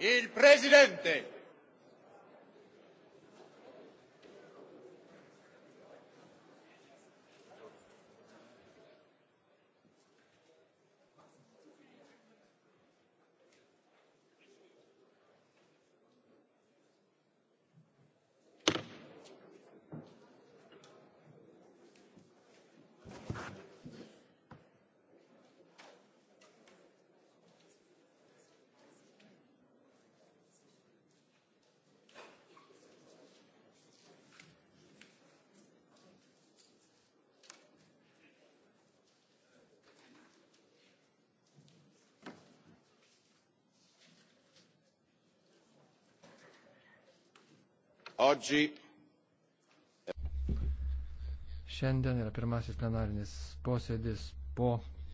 Il Presidente. oggi Šiandien yra pirmasis plenarinis posėdis po